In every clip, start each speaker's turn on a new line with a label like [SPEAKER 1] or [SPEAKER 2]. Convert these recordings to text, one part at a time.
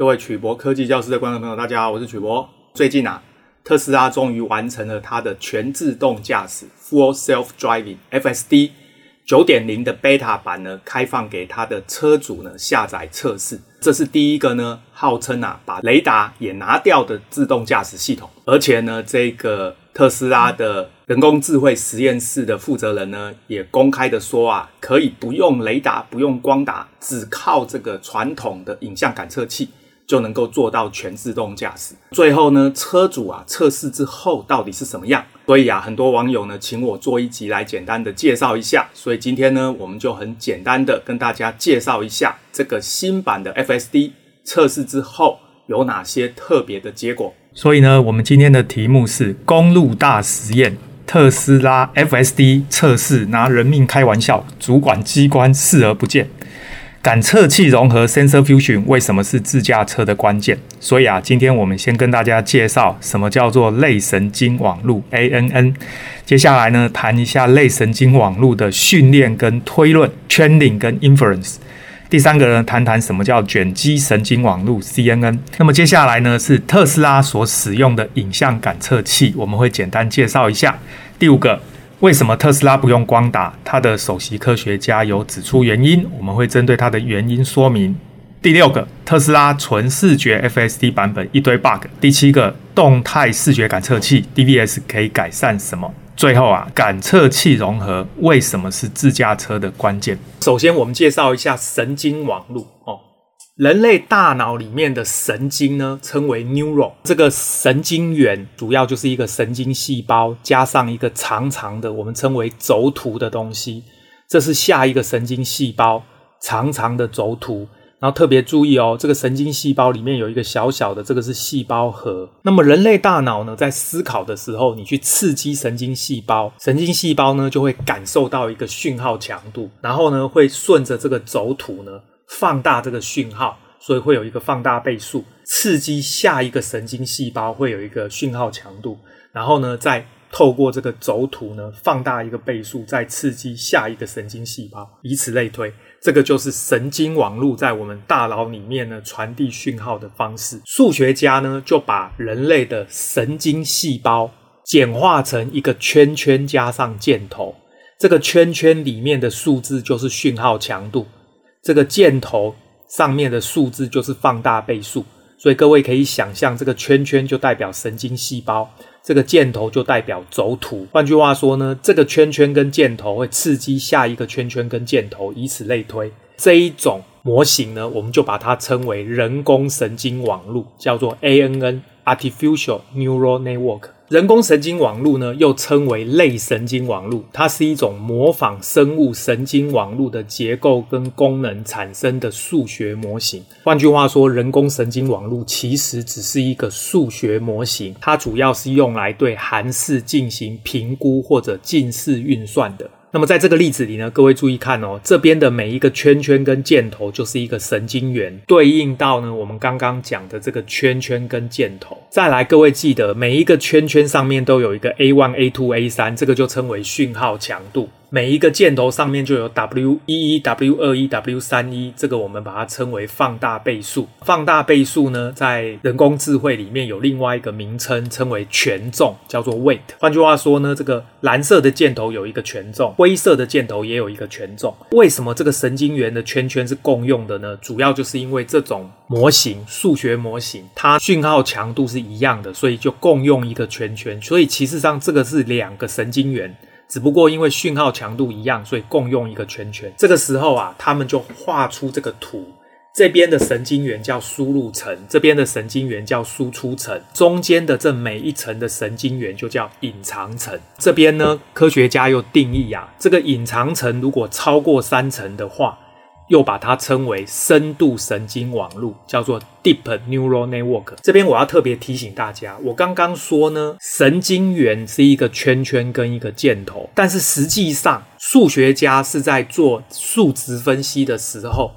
[SPEAKER 1] 各位曲博科技教室的觀眾朋友，大家好，我是曲博。最近啊，特斯拉終於完成了它的全自動駕駛 （Full Self Driving, FSD） 九點零的 beta 版呢，開放給它的車主呢下載測試。這是第一個呢，號稱啊把雷達也拿掉的自動駕駛系統。而且呢，這個特斯拉的人工智慧實驗室的負責人呢，也公開的說啊，可以不用雷達，不用光達，只靠這個傳統的影像感測器。就能夠做到全自動駕駛。最後呢，車主啊測試之後到底是什麼樣？所以啊，很多網友呢請我做一集來簡單的介紹一下。所以今天呢，我們就很簡單的跟大家介紹一下這個新版的 FSD 測試之後有哪些特別的結果。所以呢，我們今天的題目是公路大實驗，特斯拉 FSD 測試拿人命開玩笑，主管機關視而不見。感測器融合 （sensor fusion） 為什麼是自駕車的關鍵？所以啊，今天我們先跟大家介紹什麼叫做類神經網絡 （ANN）。接下來呢，談一下類神經網絡的訓練跟推論 （training 跟 inference）。第三個呢，談談什麼叫卷積神經網絡 （CNN）。那麼接下來呢，是特斯拉所使用的影像感測器，我們會簡單介紹一下。第五個。為什麼特斯拉不用光達？它的首席科學家有指出原因，我們會針對它的原因說明。第六個，特斯拉純視覺 FSD 版本一堆 bug。第七個，動態視覺感測器 DVS 可以改善什麼？最後啊，感測器融合為什麼是自駕車的關鍵？首先，我們介紹一下神經網絡哦。人類大腦裡面的神經呢，稱為 neuron。這個神經元主要就是一個神經細胞，加上一個長長的，我們稱為軸突的東西。這是下一個神經細胞，長長的軸突。然後特別注意哦，這個神經細胞裡面有一個小小的，這個是細胞核。那麼人類大腦呢，在思考的時候，你去刺激神經細胞，神經細胞呢就會感受到一個訊號強度，然後呢會順着這個軸突呢。放大這個訊號，所以會有一個放大倍數，刺激下一個神經細胞會有一個訊號強度，然後呢，再透過這個軸突呢，放大一個倍數，再刺激下一個神經細胞，以此類推。這個就是神經網絡在我們大腦裡面呢傳遞訊號的方式。數學家呢就把人類的神經細胞簡化成一個圈圈加上箭頭，這個圈圈裡面的數字就是訊號強度。這個箭頭上面的數字就是放大倍數，所以各位可以想象，這個圈圈就代表神經細胞，這個箭頭就代表軸突。換句話說呢，這個圈圈跟箭頭會刺激下一個圈圈跟箭頭，以此類推。這一種模型呢，我們就把它稱為人工神經網絡，叫做 ANN（Artificial Neural Network）。人工神經網絡呢，又稱為類神經網絡，它是一種模仿生物神經網絡的結構跟功能產生的數學模型。換句話說，人工神經網絡其實只是一個數學模型，它主要是用來對函式進行評估或者近似運算的。那麼在這個例子裡呢，各位注意看哦，這邊的每一個圈圈跟箭頭就是一個神經元，對應到呢，我們剛剛講的這個圈圈跟箭頭。再來，各位記得每一個圈圈上面都有一個 A1、A2、A3，這個就稱為訊號強度。每一個箭頭上面就有 W 一一 W 二一 W 三一，這個我們把它稱為放大倍數。放大倍數呢，在人工智慧裡面有另外一個名稱，稱為權重，叫做 weight。換句話說呢，這個藍色的箭頭有一個權重，灰色的箭頭也有一個權重。為什麼這個神經元的圈圈是共用的呢？主要就是因為這種模型，數學模型，它訊號強度是一樣的，所以就共用一個圈圈。所以，其實上這個是兩個神經元。只不過因為訊號強度一樣，所以共用一個圈圈。這個時候啊，他們就畫出這個圖，這邊的神經元叫輸入層，這邊的神經元叫輸出層，中間的這每一層的神經元就叫隱藏層。這邊呢，科學家又定義啊，這個隱藏層如果超過三層的話，又把它稱為深度神經網絡，叫做 deep neural network。這邊我要特別提醒大家，我剛剛說呢，神經元是一個圈圈跟一個箭頭，但是實際上數學家是在做數值分析的時候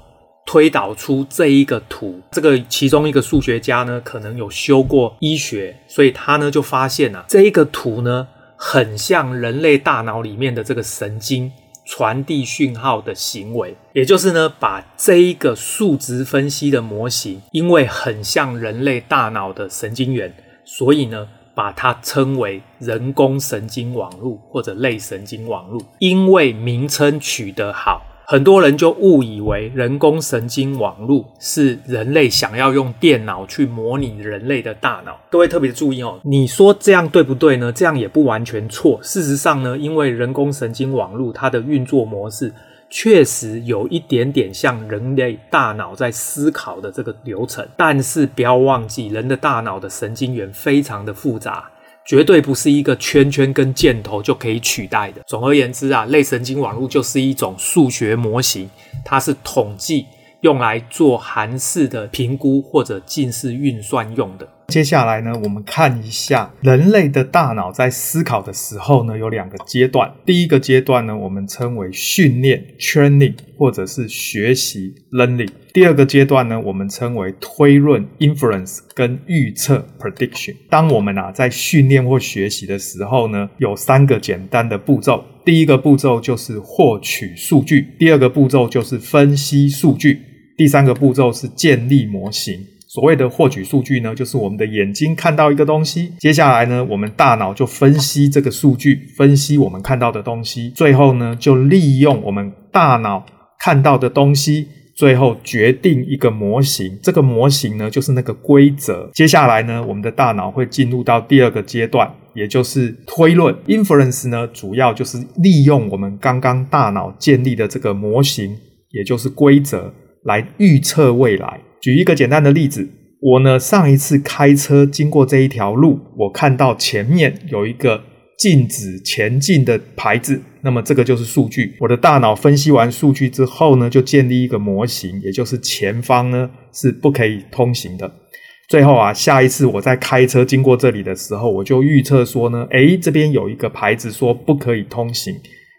[SPEAKER 1] 推導出這一個圖。這個其中一個數學家呢，可能有修過醫學，所以他呢就發現啊，這一個圖呢很像人類大腦裡面的這個神經。傳遞訊號的行為，也就是呢，把這一個數值分析的模型，因為很像人類大腦的神經元，所以呢，把它稱為人工神經網絡，或者類神經網絡，因為名稱取得好。很多人就誤以為人工神經網絡是人類想要用電腦去模擬人類的大腦。各位特別注意哦，你說這樣對不對呢？這樣也不完全錯。事實上呢，因為人工神經網絡它的運作模式確實有一點點像人類大腦在思考的這個流程。但是不要忘記，人的大腦的神經元非常的複雜。絕對不是一個圈圈跟箭頭就可以取代的。總而言之啊，類神經網絡就是一種數學模型，它是統計用來做函式的評估或者近似運算用的。接下來呢，我們看一下人類的大腦在思考的時候呢，有兩個階段。第一個階段呢，我們稱為訓練 （training） 或者是學習 （learning）。第二個階段呢，我們稱為推論 （inference） 跟預測 （prediction）。當我們啊在訓練或學習的時候呢，有三個簡單的步驟。第一個步驟就是獲取數據，第二個步驟就是分析數據，第三個步驟是建立模型。所謂的獲取數據呢，就是我們的眼睛看到一個東西，接下來呢，我們大腦就分析這個數據，分析我們看到的東西，最後呢，就利用我們大腦看到的東西，最後決定一個模型。這個模型呢，就是那個規則。接下來呢，我們的大腦會進入到第二個階段，也就是推論 inference 呢，主要就是利用我們剛剛大腦建立的這個模型，也就是規則，來預測未來。舉一個簡單的例子，我呢上一次開車經過這一條路，我看到前面有一個禁止前進的牌子，那麼這個就是數據。我的大腦分析完數據之後呢，就建立一個模型，也就是前方呢是不可以通行的。最後啊，下一次我在開車經過這裡的時候，我就預測說呢，哎，這邊有一個牌子說不可以通行，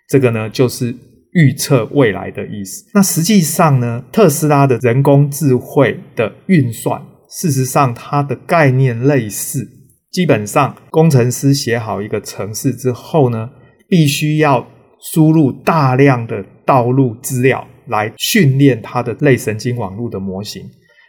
[SPEAKER 1] 這個呢就是。預測未來的意思。那實際上呢，特斯拉的人工智慧的運算，事實上它的概念類似。基本上，工程師寫好一個程式之後呢，必須要輸入大量的道路資料來訓練它的類神經網絡的模型。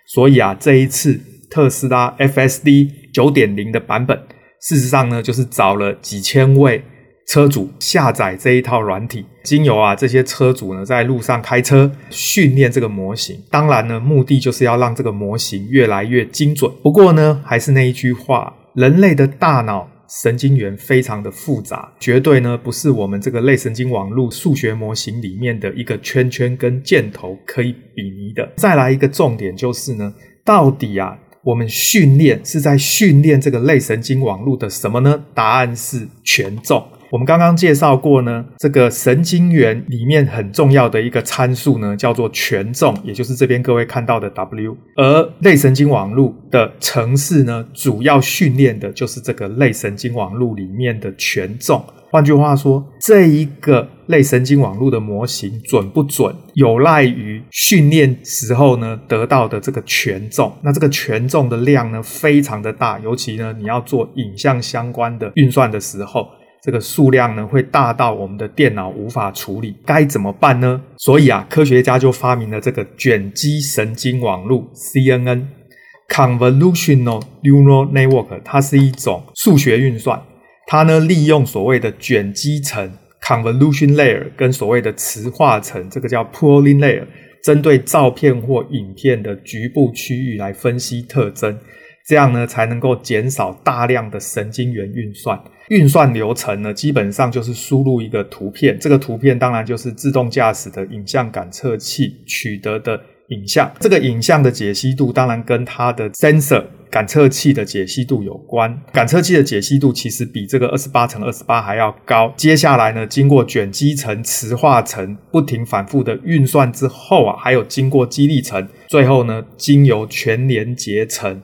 [SPEAKER 1] 所以啊，這一次特斯拉 FSD 九點零的版本，事實上呢，就是找了幾千位。車主下載這一套軟體，經由啊這些車主呢，在路上開車訓練這個模型，當然呢，目的就是要讓這個模型越來越精準。不過呢，還是那一句話，人類的大腦神經元非常的複雜，絕對呢不是我們這個類神經網絡數學模型裡面的一個圈圈跟箭頭可以比擬的。再來一個重點就是呢，到底啊我們訓練是在訓練這個類神經網絡的什麼呢？答案是權重。我們剛剛介紹過呢，這個神經元裡面很重要的一個參數呢，叫做權重，也就是這邊各位看到的 W。而類神經網絡的程式呢，主要訓練的就是這個類神經網絡裡面的權重。換句話說，這一個類神經網絡的模型準不准，有賴於訓練時候呢得到的這個權重。那這個權重的量呢，非常的大，尤其呢你要做影像相關的運算的時候。這個數量呢會大到我們的電腦無法處理，該怎麼辦呢？所以啊，科學家就發明了這個卷積神經網絡 CNN（Convolutional Neural Network），它是一種數學運算。它呢利用所謂的卷積層 （Convolution Layer） 跟所謂的池化層（這個叫 Pooling Layer），針對照片或影片的局部區域來分析特徵。這樣呢，才能夠減少大量的神經元運算。運算流程呢，基本上就是輸入一個圖片，這個圖片當然就是自動駕駛的影像感測器取得的影像。這個影像的解析度當然跟它的 sensor 感測器的解析度有關。感測器的解析度其實比這個二十八乘二十八還要高。接下來呢，經過卷積層、池化層，不停反復的運算之後啊，還有經過激勵層，最後呢，經由全連結層。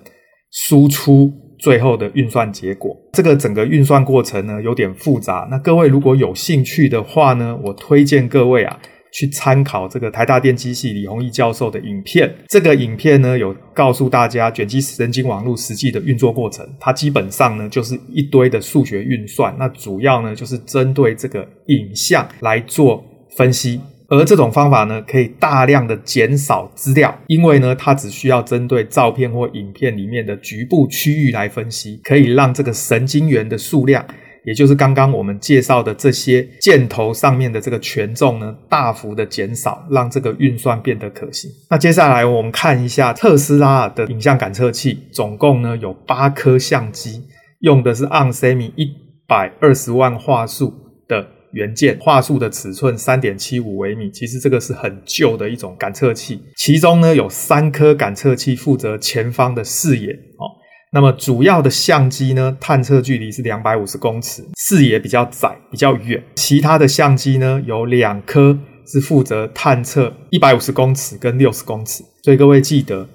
[SPEAKER 1] 輸出最後的運算結果，這個整個運算過程呢，有點複雜。那各位如果有興趣的話呢，我推薦各位啊去參考這個台大電機系李宏毅教授的影片。這個影片呢，有告訴大家卷積神經網絡實際的運作過程，它基本上呢就是一堆的數學運算。那主要呢就是針對這個影像來做分析。而這種方法呢，可以大量的減少資料，因為呢，它只需要針對照片或影片裡面的局部區域來分析，可以讓這個神經元的數量，也就是剛剛我們介紹的這些箭頭上面的這個權重呢，大幅的減少，讓這個運算變得可行。那接下來我們看一下特斯拉的影像感測器，總共呢有八顆相機，用的是 Onsemi 一百二十萬畫素的。元件畫素的尺寸三點七五微米，其實這個是很舊的一種感測器。其中呢有三顆感測器負責前方的視野哦。那麼主要的相機呢，探測距離是兩百五十公尺，視野比較窄，比較遠。其他的相機呢，有兩顆是負責探測一百五十公尺跟六十公尺。所以各位記得，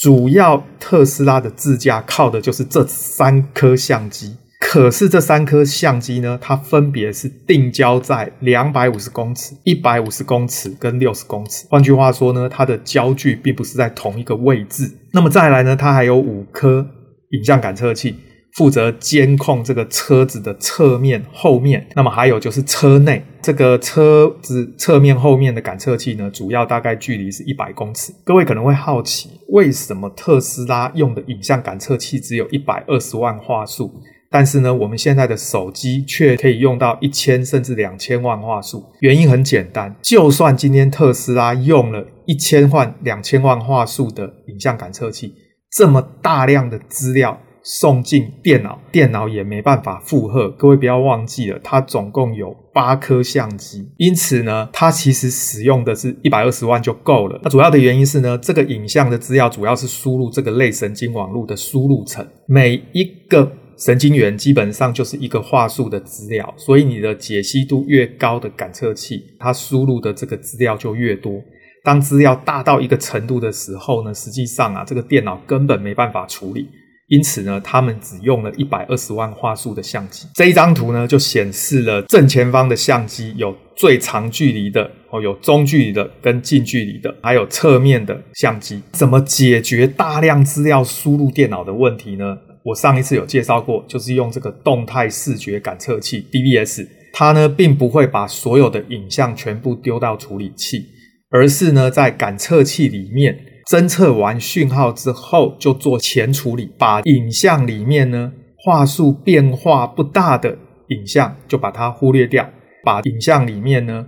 [SPEAKER 1] 主要特斯拉的自駕靠的就是這三顆相機。可是這三顆相機呢，它分別是定焦在兩百五十公尺、一百五十公尺跟六十公尺。換句話說呢，它的焦距並不是在同一個位置。那麼再來呢，它還有五顆影像感測器，負責監控這個車子的側面、後面。那麼還有就是車內這個車子側面、後面的感測器呢，主要大概距離是一百公尺。各位可能會好奇，為什麼特斯拉用的影像感測器只有一百二十萬畫素？但是呢，我們現在的手機卻可以用到一千甚至兩千萬畫素。原因很簡單，就算今天特斯拉用了一千萬、兩千萬畫素的影像感測器，這麼大量的資料送進電腦，電腦也沒辦法負荷。各位不要忘記了，它總共有八顆相機，因此呢，它其實使用的是一百二十萬就夠了。那主要的原因是呢，這個影像的資料主要是輸入這個類神經網路的輸入層，每一個。神經元基本上就是一個畫素的資料，所以你的解析度越高的感測器，它輸入的這個資料就越多。當資料大到一個程度的時候呢，實際上啊，這個電腦根本沒辦法處理。因此呢，他們只用了一百二十萬畫素的相機。這一張圖呢，就顯示了正前方的相機有最長距離的，哦，有中距離的跟近距離的，還有側面的相機。怎麼解決大量資料輸入電腦的問題呢？我上一次有介紹過，就是用這個動態視覺感測器 DVS，它呢並不會把所有的影像全部丟到處理器，而是呢在感測器裡面偵測完訊號之後就做前處理，把影像裡面呢畫素變化不大的影像就把它忽略掉，把影像裡面呢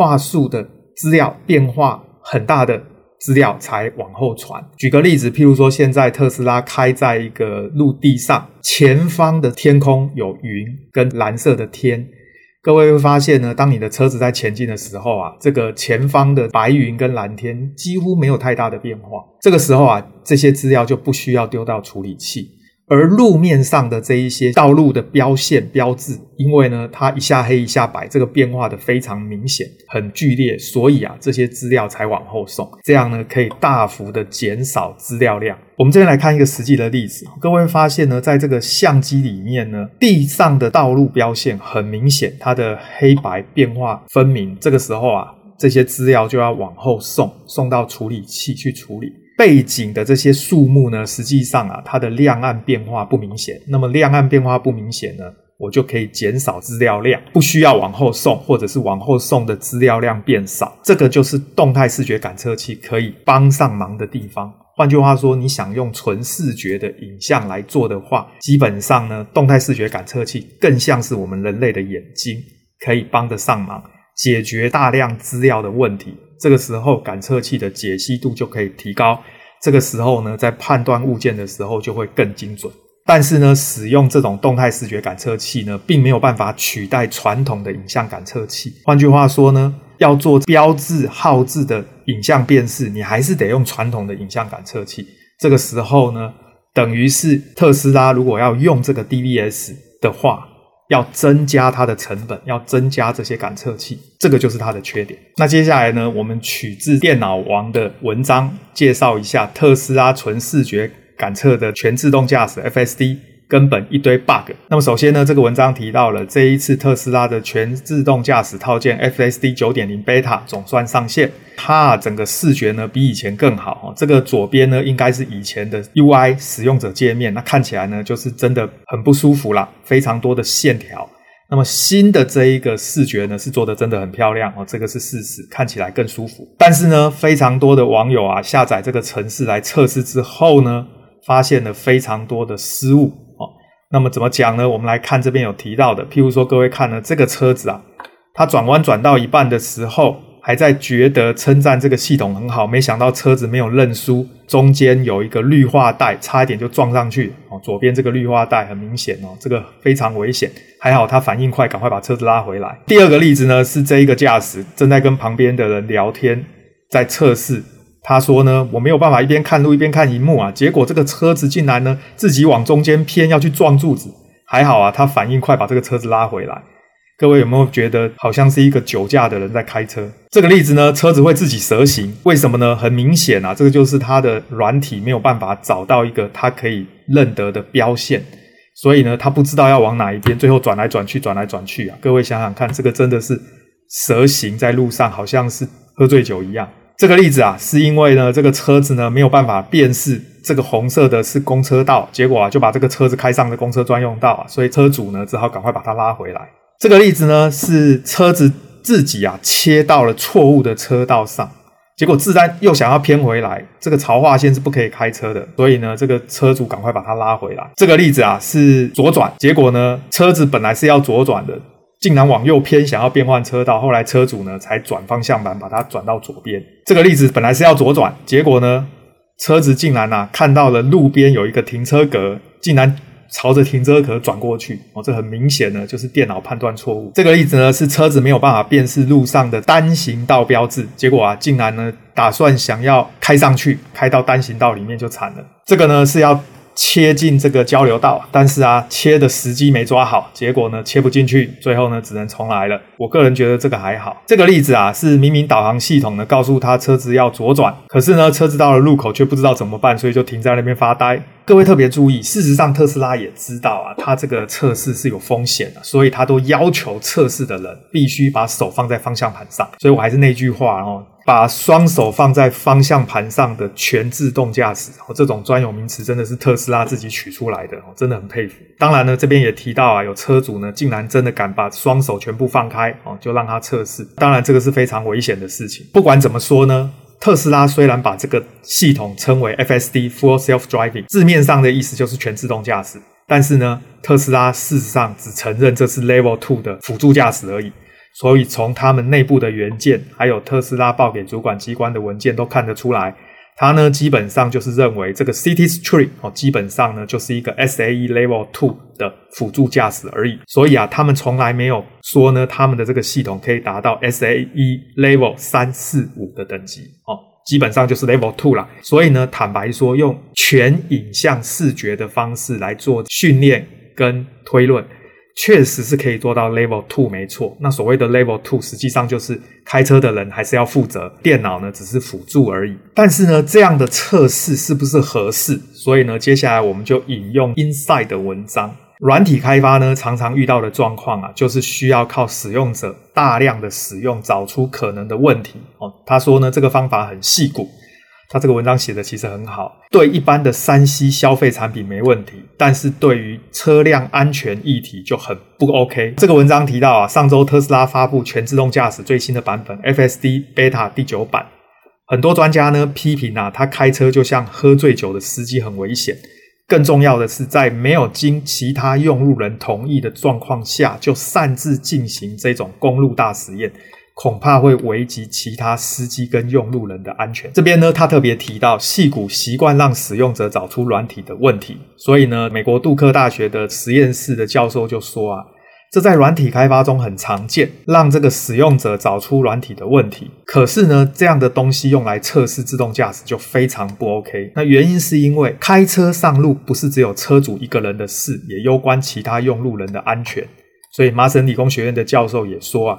[SPEAKER 1] 畫素的資料變化很大的。資料才往後傳。舉個例子，譬如說，現在特斯拉開在一個陸地上，前方的天空有雲跟藍色的天，各位會發現呢，當你的車子在前進的時候啊，這個前方的白雲跟藍天幾乎沒有太大的變化。這個時候啊，這些資料就不需要丟到處理器。而路面上的這一些道路的標線標誌，因為呢它，一下黑一下白，這個變化得非常明顯，很劇烈，所以啊這些資料才往後送，這樣呢可以大幅的減少資料量。我們這邊來看一個實際的例子，各位發現呢，在這個相機裡面呢，地上的道路標線很明顯，它的黑白變化分明，這個時候啊，這些資料就要往後送，送到處理器去處理。背景的這些樹木呢，實際上啊，它的亮暗變化不明顯。那麼亮暗變化不明顯呢，我就可以減少資料量，不需要往後送，或者是往後送的資料量變少。這個就是動態視覺感測器可以幫上忙的地方。換句話說，你想用純視覺的影像來做的話，基本上呢，動態視覺感測器更像是我們人類的眼睛，可以幫得上忙，解決大量資料的問題。這個時候感測器的解析度就可以提高，這個時候呢，在判斷物件的時候就會更精準。但是呢，使用這種動態視覺感測器呢，並沒有辦法取代傳統的影像感測器。換句話說呢，要做標誌、號誌的影像辨識，你還是得用傳統的影像感測器。這個時候呢，等於是特斯拉如果要用這個 DVS 的話，要增加它的成本，要增加這些感測器，這個就是它的缺點。那接下來呢，我們取自電腦王的文章，介紹一下特斯拉純視覺感測的全自動駕駛 FSD。根本一堆 bug。那麼首先呢，這個文章提到了這一次特斯拉的全自動駕駛套件 FSD 9.0 beta 總算上線，它整個視覺呢比以前更好啊。這個左邊呢應該是以前的 UI 使用者界面，那看起來呢就是真的很不舒服啦，非常多的線條。那麼新的這一個視覺呢是做得真的很漂亮哦，這個是事實，看起來更舒服。但是呢，非常多的網友啊下載這個程式來測試之後呢，發現了非常多的失誤。那麼怎麼講呢？我們來看這邊有提到的，譬如說各位看呢，這個車子啊，它轉彎轉到一半的時候，還在覺得稱讚這個系統很好，沒想到車子沒有認輸，中間有一個綠化帶，差一點就撞上去哦。左邊這個綠化帶很明顯哦，這個非常危險，還好他反應快，趕快把車子拉回來。第二個例子呢，是這一個駕駛正在跟旁邊的人聊天，在測試。他說呢，我沒有辦法一邊看路一邊看熒幕啊。結果這個車子竟然呢，自己往中間偏，要去撞柱子。還好啊，他反應快，把這個車子拉回來。各位有沒有覺得好像是一個酒駕的人在開車？這個例子呢，車子會自己蛇行，為什麼呢？很明顯啊，這個就是他的軟體沒有辦法找到一個他可以認得的標線，所以呢，他不知道要往哪一邊，最後轉來轉去，轉來轉去啊。各位想想看，這個真的是蛇行在路上，好像是喝醉酒一樣。這個例子啊，是因為呢，這個車子呢，沒有辦法辨識這個紅色的是公車道，結果啊就把這個車子開上了公車專用道，所以車主呢只好趕快把它拉回來。這個例子呢，是車子自己啊切到了錯誤的車道上，結果自然又想要偏回來。這個槽化線是不可以開車的，所以呢這個車主趕快把它拉回來。這個例子啊是左轉，結果呢車子本來是要左轉的。竟然往右偏，想要變換車道，後來車主呢才轉方向盤，把它轉到左邊。這個例子本來是要左轉，結果呢，車子竟然吶、啊、看到了路邊有一個停車格，竟然朝着停車格轉過去。哦，這很明顯呢就是電腦判斷錯誤。這個例子呢是車子沒有辦法辨識路上的單行道標誌，結果啊竟然呢打算想要開上去，開到單行道裡面就慘了。這個呢是要。切進這個交流道，但是啊，切的時機沒抓好，結果呢，切不進去，最後呢，只能重來了。我個人覺得這個還好。這個例子啊，是明明導航系統呢告訴他車子要左轉，可是呢，車子到了路口卻不知道怎麼辦，所以就停在那邊發呆。各位特別注意，事實上特斯拉也知道啊，他這個測試是有風險的，所以他都要求測試的人必須把手放在方向盤上。所以我還是那句話哦。把雙手放在方向盤上的全自動駕駛，哦，這種專有名詞真的是特斯拉自己取出來的，哦，真的很佩服。當然呢，這邊也提到啊，有車主呢，竟然真的敢把雙手全部放開，哦，就讓他測試。當然，這個是非常危險的事情。不管怎麼說呢，特斯拉雖然把這個系統稱為 FSD, Full Self Driving，字面上的意思就是全自動駕駛，但是呢，特斯拉事實上只承認這是 Level Two 的輔助駕駛而已。所以從他們內部的原件，還有特斯拉報給主管機關的文件都看得出來，它呢基本上就是認為這個 City Street 哦，基本上呢就是一個 S A E Level Two 的輔助駕駛而已。所以啊，他們從來沒有說呢，他們的這個系統可以達到 S A E Level 三四五的等級哦，基本上就是 Level Two 啦。所以呢，坦白說，用全影像視覺的方式來做訓練跟推論。確實是可以做到 level two 沒錯，那所謂的 level two 實際上就是開車的人還是要負責，電腦呢只是輔助而已。但是呢，這樣的測試是不是合適？所以呢，接下來我們就引用 Inside 的文章，軟體開發呢常常遇到的狀況啊，就是需要靠使用者大量的使用，找出可能的問題。哦，他說呢，這個方法很細骨。他這個文章寫的其實很好，對一般的 3C 消費產品沒問題，但是對於車輛安全議題就很不 OK。這個文章提到啊，上周特斯拉發布全自動駕駛最新的版本 FSD Beta 第九版，很多專家呢批評啊，他開車就像喝醉酒的司機很危險，更重要的是在沒有經其他用路人同意的狀況下就擅自進行這種公路大實驗。恐怕會危及其他司機跟用路人的安全。這邊呢，他特別提到，矽谷習慣讓使用者找出軟體的問題。所以呢，美國杜克大學的實驗室的教授就說啊，這在軟體開發中很常見，讓這個使用者找出軟體的問題。可是呢，這樣的東西用來測試自動駕駛就非常不 OK。那原因是因為開車上路不是只有車主一個人的事，也攸關其他用路人的安全。所以麻省理工學院的教授也說啊，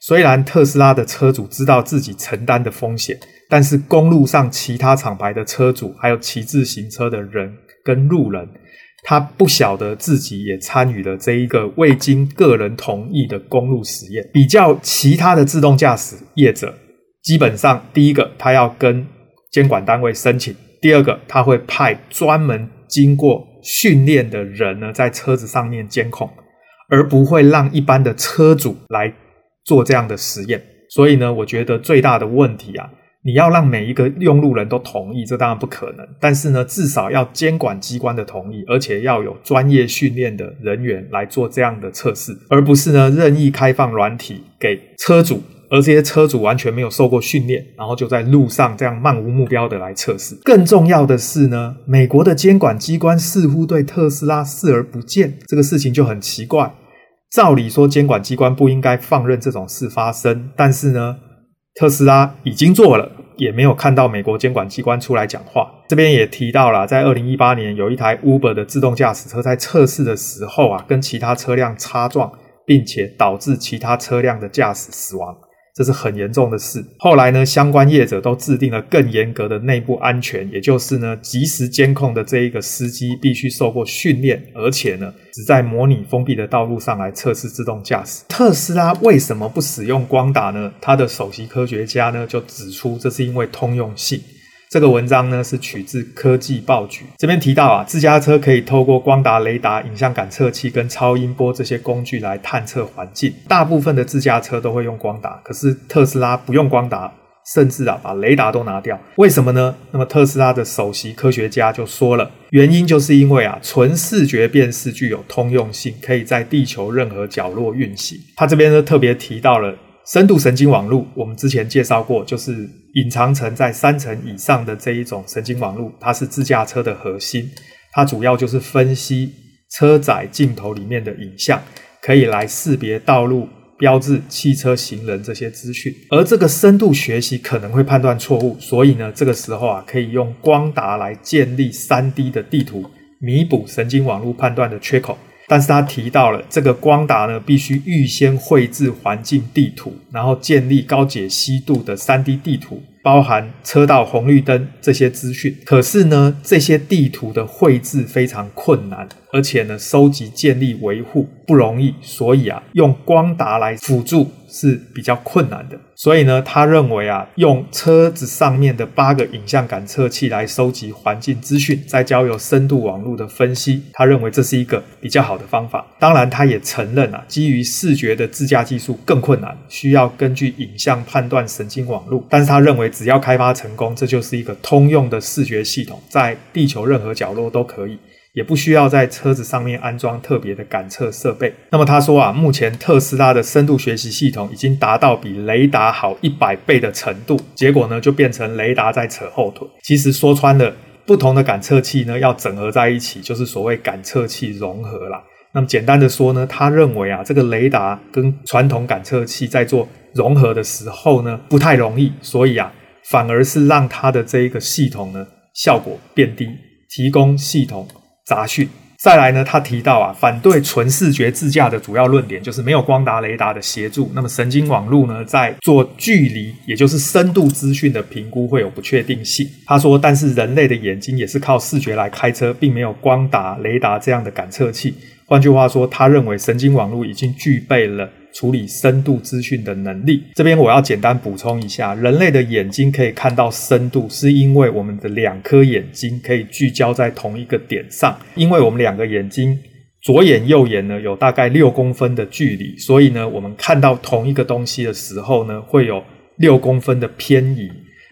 [SPEAKER 1] 雖然特斯拉的車主知道自己承擔的風險，但是公路上其他廠牌的車主，還有騎自行車的人跟路人，他不曉得自己也參與了這一個未經個人同意的公路實驗。比較其他的自動駕駛業者，基本上第一個他要跟監管單位申請，第二個他會派專門經過訓練的人呢在車子上面監控，而不會讓一般的車主來。做這樣的實驗，所以呢，我覺得最大的問題啊，你要讓每一個用路人都同意，這當然不可能。但是呢，至少要監管機關的同意，而且要有專業訓練的人員來做這樣的測試，而不是呢任意開放軟體給車主，而這些車主完全沒有受過訓練，然後就在路上這樣漫無目標的來測試。更重要的是呢，美國的監管機關似乎對特斯拉視而不見，這個事情就很奇怪。照理說，監管機關不應該放任這種事發生，但是呢，特斯拉已經做了，也沒有看到美國監管機關出來講話。這邊也提到了，在二零一八年，有一台 Uber 的自動駕駛車在測試的時候啊，跟其他車輛擦撞，並且導致其他車輛的駕駛死亡。這是很嚴重的事。後來呢，相關業者都制定了更嚴格的內部安全，也就是呢，即時監控的這一個司機必須受過訓練，而且呢，只在模擬封閉的道路上來測試自動駕駛。特斯拉為什麼不使用光達呢？它的首席科學家呢就指出，這是因為通用性。這個文章呢，是取自科技報橘。這邊提到啊，自駕車可以透過光達、雷達、影像感測器跟超音波這些工具來探測環境。大部分的自駕車都會用光達，可是，特斯拉不用光達，甚至啊把雷達都拿掉，為什麼呢？那麼特斯拉的首席科學家就說了，原因就是因為啊，純視覺辨識具有通用性，可以在地球任何角落運行。他這邊呢特別提到了。深度神經網絡，我們之前介紹過，就是隱藏層在三層以上的這一種神經網絡，它是自駕車的核心。它主要就是分析車載鏡頭裡面的影像，可以來識別道路標誌、汽車、行人這些資訊。而這個深度學習可能會判斷錯誤，所以呢，這個時候啊，可以用光達來建立 3D 的地圖，彌補神經網絡判斷的缺口。但是他提到了這個光達呢，必須預先繪製環境地圖，然後建立高解析度的 3D 地圖，包含車道、紅綠燈這些資訊。可是呢，這些地圖的繪製非常困難，而且呢，收集、建立、維護不容易，所以啊，用光達來輔助是比較困難的。所以呢，他認為啊，用車子上面的八個影像感測器來收集環境資訊，再交由深度網絡的分析，他認為這是一個比較好的方法。當然，他也承認啊，基於視覺的自駕技術更困難，需要根據影像判斷神經網絡。但是他認為，只要開發成功，這就是一個通用的視覺系統，在地球任何角落都可以，也不需要在車子上面安裝特別的感測設備。那麼他說啊，目前特斯拉的深度學習系統已經達到比雷達好一百倍的程度，結果呢就變成雷達在扯後腿。其實說穿了，不同的感測器呢要整合在一起，就是所謂感測器融合啦。那麼簡單的說呢，他認為啊，這個雷達跟傳統感測器在做融合的時候呢，不太容易，所以啊，反而是讓他的這一個系統呢效果變低，提供系統雜訊。再來呢，他提到啊，反對純視覺自駕的主要論點就是沒有光達雷達的協助，那麼神經網絡呢，在做距離，也就是深度資訊的評估會有不確定性。他說，但是人類的眼睛也是靠視覺來開車，並沒有光達雷達這樣的感測器。換句話說，他認為神經網絡已經具備了處理深度資訊的能力。這邊我要簡單補充一下，人類的眼睛可以看到深度，是因為我們的兩顆眼睛可以聚焦在同一個點上。因為我們兩個眼睛，左眼右眼呢，有大概六公分的距離，所以呢，我們看到同一個東西的時候呢，會有六公分的偏移。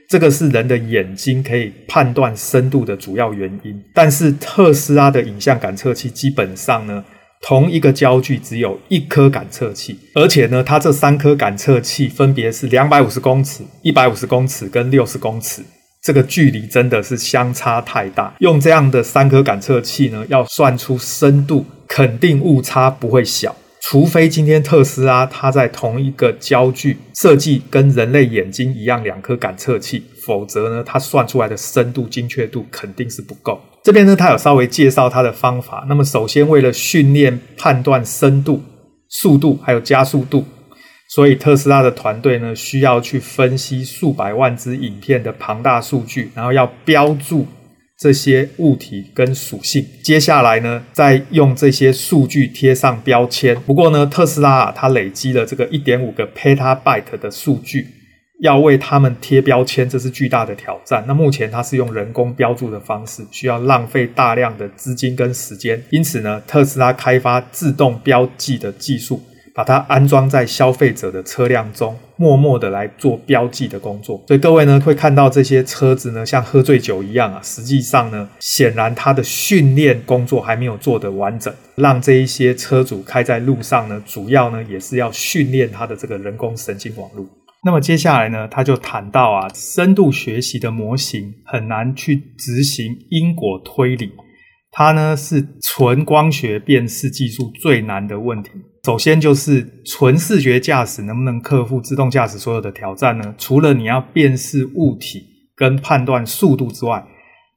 [SPEAKER 1] 這個是人的眼睛可以判斷深度的主要原因，但是特斯拉的影像感測器基本上呢，同一個焦距只有一顆感測器，而且呢，它這三顆感測器分別是兩百五十公尺、一百五十公尺跟六十公尺，這個距離真的是相差太大，用這樣的三顆感測器呢，要算出深度，肯定誤差不會小。除非今天特斯拉它，在同一個焦距設計跟人類眼睛一樣兩顆感測器，否則呢，它算出來的深度精確度肯定是不夠。這邊呢，它有稍微介紹它的方法。那麼首先為了訓練判斷深度、速度還有加速度，所以特斯拉的團隊呢，需要去分析數百萬支影片的龐大數據，然後要標注。這些物體跟屬性，接下來呢，再用這些數據貼上標籤。不過呢，特斯拉啊，它累積了這個一點五個 petabyte 的數據，要為它們貼標籤，這是巨大的挑戰。那目前它是用人工標注的方式，需要浪費大量的資金跟時間。因此呢，特斯拉開發自動標記的技術。把它安裝在消費者的車輛中，默默地來做標記的工作。所以各位呢，會看到這些車子呢，像喝醉酒一樣啊。實際上呢，顯然它的訓練工作還沒有做得完整。讓這一些車主開在路上呢，主要呢也是要訓練它的這個人工神經網絡。那麼接下來呢，他就談到啊，深度學習的模型很難去執行因果推理。它呢是純光學辨識技術最難的問題。首先就是純視覺駕駛能不能克服自動駕駛所有的挑戰呢？除了你要辨識物體跟判斷速度之外，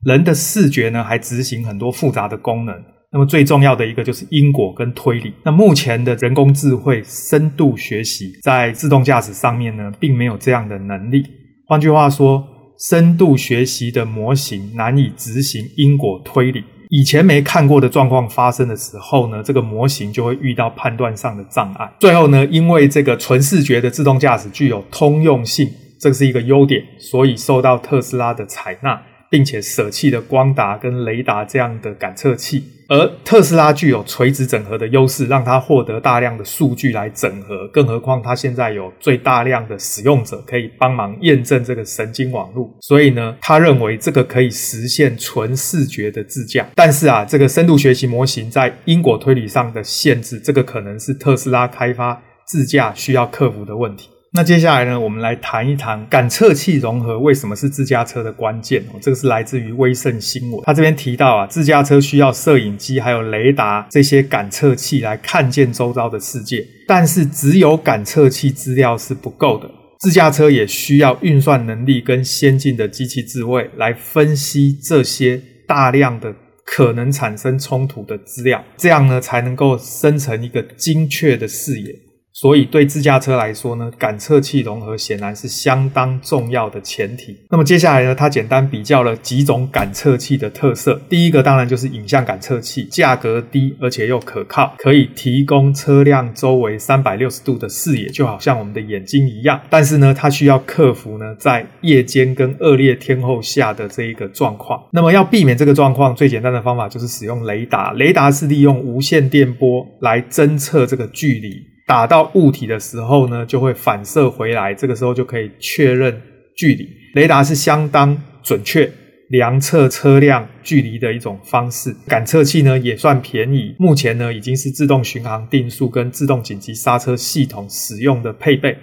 [SPEAKER 1] 人的視覺呢，還執行很多複雜的功能。那麼最重要的一個就是因果跟推理。那目前的人工智慧深度學習在自動駕駛上面呢，並沒有這樣的能力。換句話說，深度學習的模型難以執行因果推理。以前沒看過的狀況發生的時候呢，這個模型就會遇到判斷上的障礙。最後呢，因為這個純視覺的自動駕駛具有通用性，這是一個優點，所以受到特斯拉的採納。並且捨棄了光達跟雷達這樣的感測器，而特斯拉具有垂直整合的優勢，讓它獲得大量的數據來整合。更何況它現在有最大量的使用者可以幫忙驗證這個神經網絡，所以呢，他認為這個可以實現純視覺的自駕。但是啊，這個深度學習模型在因果推理上的限制，這個可能是特斯拉開發自駕需要克服的問題。那接下來呢，我們來談一談感測器融合為什麼是自駕車的關鍵哦。這個是來自於威盛新聞，他這邊提到啊，自駕車需要攝影機還有雷達這些感測器來看見周遭的世界，但是只有感測器資料是不夠的，自駕車也需要運算能力跟先進的機器智慧來分析這些大量的可能產生衝突的資料，這樣呢才能夠生成一個精確的視野。所以對自駕車來說呢，感測器融合顯然是相當重要的前提。那麼接下來呢，它簡單比較了幾種感測器的特色。第一個當然就是影像感測器，價格低而且又可靠，可以提供車輛周圍三百六十度的視野，就好像我們的眼睛一樣。但是呢，它需要克服呢，在夜間跟惡劣天候下的這一個狀況。那麼要避免這個狀況，最簡單的方法就是使用雷達。雷達是利用無線電波來偵測這個距離。打到物體的時候呢，就會反射回來，這個時候就可以確認距離。雷達是相當準確量測車輛距離的一種方式。感測器呢也算便宜，目前呢已經是自動巡航定速跟自動緊急剎車系統使用的配備。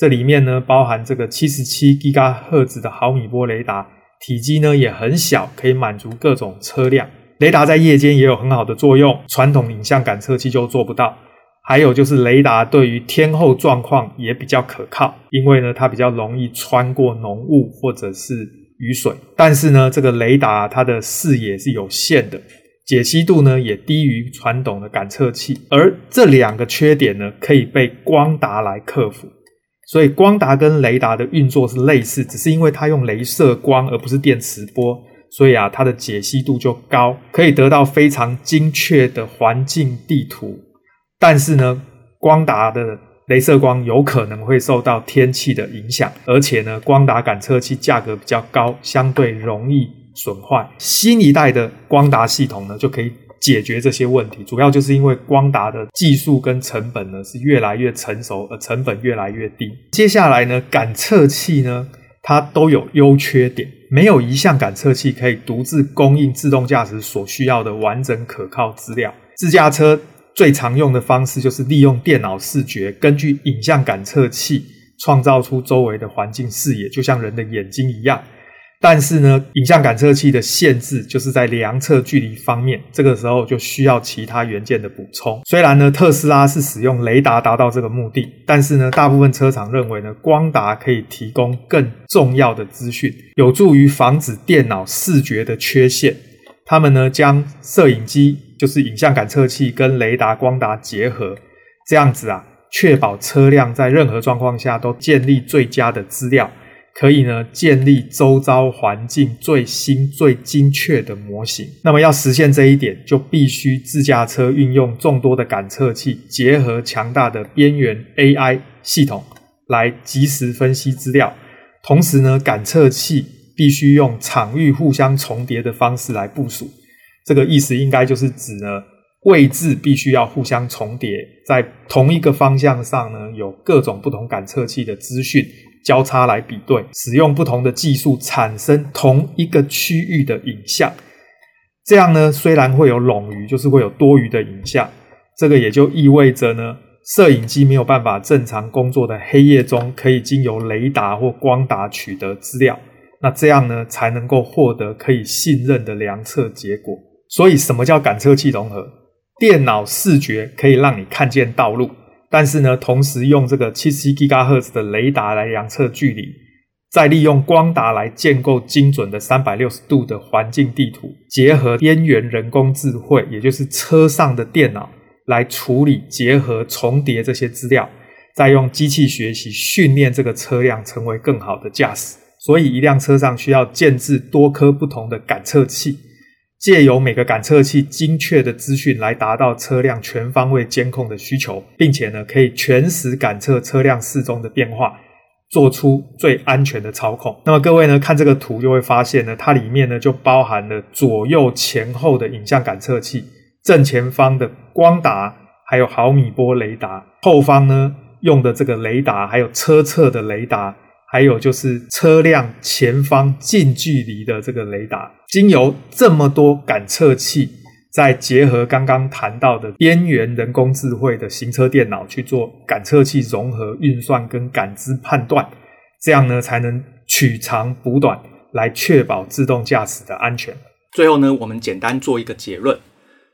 [SPEAKER 1] 這裡面呢包含這個七十七吉咖赫茲的毫米波雷達，體積呢也很小，可以滿足各種車輛。雷達在夜間也有很好的作用，傳統影像感測器就做不到。還有就是雷達對於天候狀況也比較可靠，因為呢它比較容易穿過濃霧或者是雨水。但是呢，這個雷達它的視野是有限的，解析度呢也低於傳統的感測器。而這兩個缺點呢可以被光達來克服。所以光達跟雷達的運作是類似，只是因為它用雷射光而不是電磁波，所以啊它的解析度就高，可以得到非常精確的環境地圖。但是呢，光達的雷射光有可能會受到天氣的影響，而且呢，光達感測器價格比較高，相對容易損壞。新一代的光達系統呢，就可以解決這些問題，主要就是因為光達的技術跟成本呢是越來越成熟，呃，而成本越來越低。接下來呢，感測器呢，它都有優缺點，沒有一項感測器可以獨自供應自動駕駛所需要的完整可靠資料。自駕車。最常用的方式就是利用電腦視覺，根據影像感測器創造出周圍的環境視野，就像人的眼睛一樣。但是呢，影像感測器的限制，就是在量測距離方面，這個時候就需要其他元件的補充。雖然呢，特斯拉是使用雷達達到這個目的，但是呢，大部分車廠認為呢，光達可以提供更重要的資訊，有助於防止電腦視覺的缺陷。他們呢，將攝影機。就是影像感測器跟雷達、光達結合，這樣子啊，確保車輛在任何狀況下都建立最佳的資料，可以呢，建立周遭環境最新、最精確的模型。那麼要實現這一點，就必須自駕車運用眾多的感測器，結合強大的邊緣 AI 系統來即時分析資料，同時呢，感測器必須用場域互相重疊的方式來部署。這個意思應該就是指呢，位置必須要互相重疊，在同一個方向上呢，有各種不同感測器的資訊交叉來比對，使用不同的技術產生同一個區域的影像。這樣呢，雖然會有冗餘，就是會有多餘的影像，這個也就意味着呢，攝影機沒有辦法正常工作的黑夜中，可以經由雷達或光達取得資料。那這樣呢，才能夠獲得可以信任的量測結果。所以，什麼叫感測器融合？電腦視覺可以讓你看見道路，但是呢，同時用這個七十七吉赫茲的雷達來量測距離，再利用光達來建構精準的三百六十度的環境地圖，結合邊緣人工智慧，也就是車上的電腦來處理，結合重疊這些資料，再用機器學習訓練這個車輛成為更好的駕駛。所以，一輛車上需要建置多顆不同的感測器。借由每個感測器精確的資訊來達到車輛全方位監控的需求，並且呢可以全時感測車輛四周的變化，做出最安全的操控。那麼各位呢看這個圖就會發現呢，它裡面呢就包含了左右前後的影像感測器、正前方的光達、還有毫米波雷達、後方呢用的這個雷達、還有車側的雷達。還有就是車輛前方近距離的這個雷達，經由這麼多感測器，再結合剛剛談到的邊緣人工智慧的行車電腦去做感測器融合運算跟感知判斷，這樣呢才能取長補短，來確保自動駕駛的安全。最後呢，我們簡單做一個結論：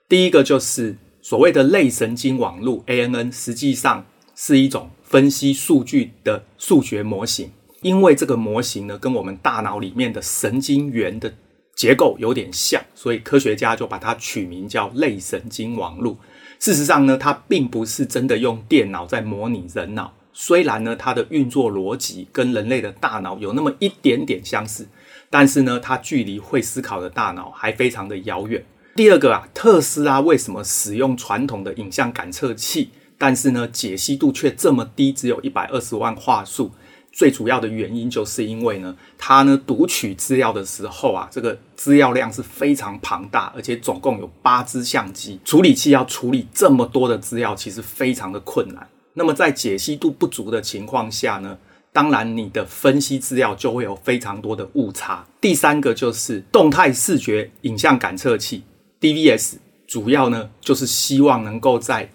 [SPEAKER 1] 第一個就是所謂的類神經網絡 （ANN） 實際上是一種分析數據的數學模型。因為這個模型呢，跟我們大腦裡面的神經元的結構有點像，所以科學家就把它取名叫類神經網絡。事實上呢，它並不是真的用電腦在模擬人腦，雖然呢它的運作邏輯跟人類的大腦有那麼一點點相似，但是呢它距離會思考的大腦還非常的遙遠。第二個啊，特斯拉為什麼使用傳統的影像感測器，但是呢解析度卻這麼低，只有一百二十萬畫素。最主要的原因就是因為呢，它呢讀取資料的時候啊，這個資料量是非常龐大，而且總共有八支相機，處理器要處理這麼多的資料，其實非常的困難。那麼在解析度不足的情況下呢，當然你的分析資料就會有非常多的誤差。第三個就是動態視覺影像感測器，DVS，主要呢就是希望能夠在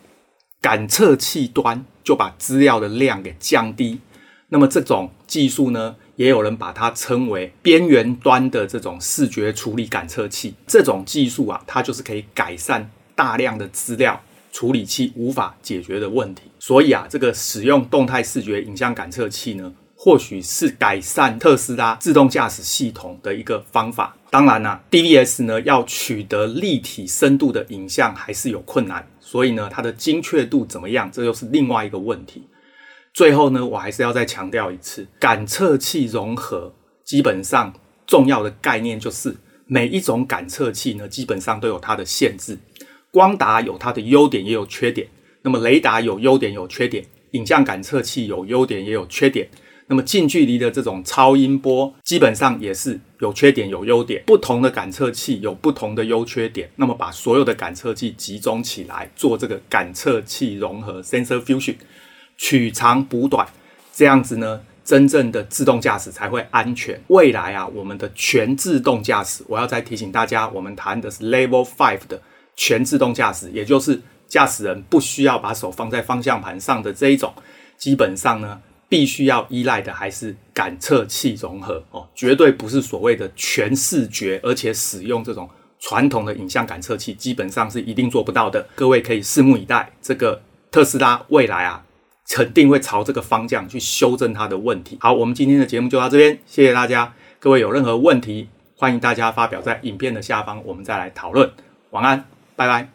[SPEAKER 1] 感測器端就把資料的量給降低。那麼這種技術呢，也有人把它稱為邊緣端的這種視覺處理感測器。這種技術啊，它就是可以改善大量的資料處理器無法解決的問題。所以啊，這個使用動態視覺影像感測器呢，或許是改善特斯拉自動駕駛系統的一個方法。當然啦，DVS 呢要取得立體深度的影像還是有困難，所以呢，它的精確度怎麼樣，這又是另外一個問題。最後呢，我還是要再強調一次，感測器融合基本上重要的概念就是，每一種感測器呢，基本上都有它的限制。光達有它的優點，也有缺點；那麼雷達有優點，有缺點；影像感測器有優點，也有缺點；那麼近距離的這種超音波，基本上也是有缺點，有優點。不同的感測器有不同的優缺點，那麼把所有的感測器集中起來做這個感測器融合 （Sensor Fusion）。取長補短，這樣子呢，真正的自動駕駛才會安全。未來啊，我們的全自動駕駛，我要再提醒大家，我們談的是 Level Five 的全自動駕駛，也就是駕駛人不需要把手放在方向盤上的這一種。基本上呢，必須要依賴的還是感測器融合哦，絕對不是所謂的全視覺，而且使用這種傳統的影像感測器，基本上是一定做不到的。各位可以拭目以待，這個特斯拉未來啊。肯定會朝這個方向去修正它的問題。好，我們今天的節目就到這邊，謝謝大家。各位有任何問題，歡迎大家發表在影片的下方，我們再來討論。晚安，拜拜。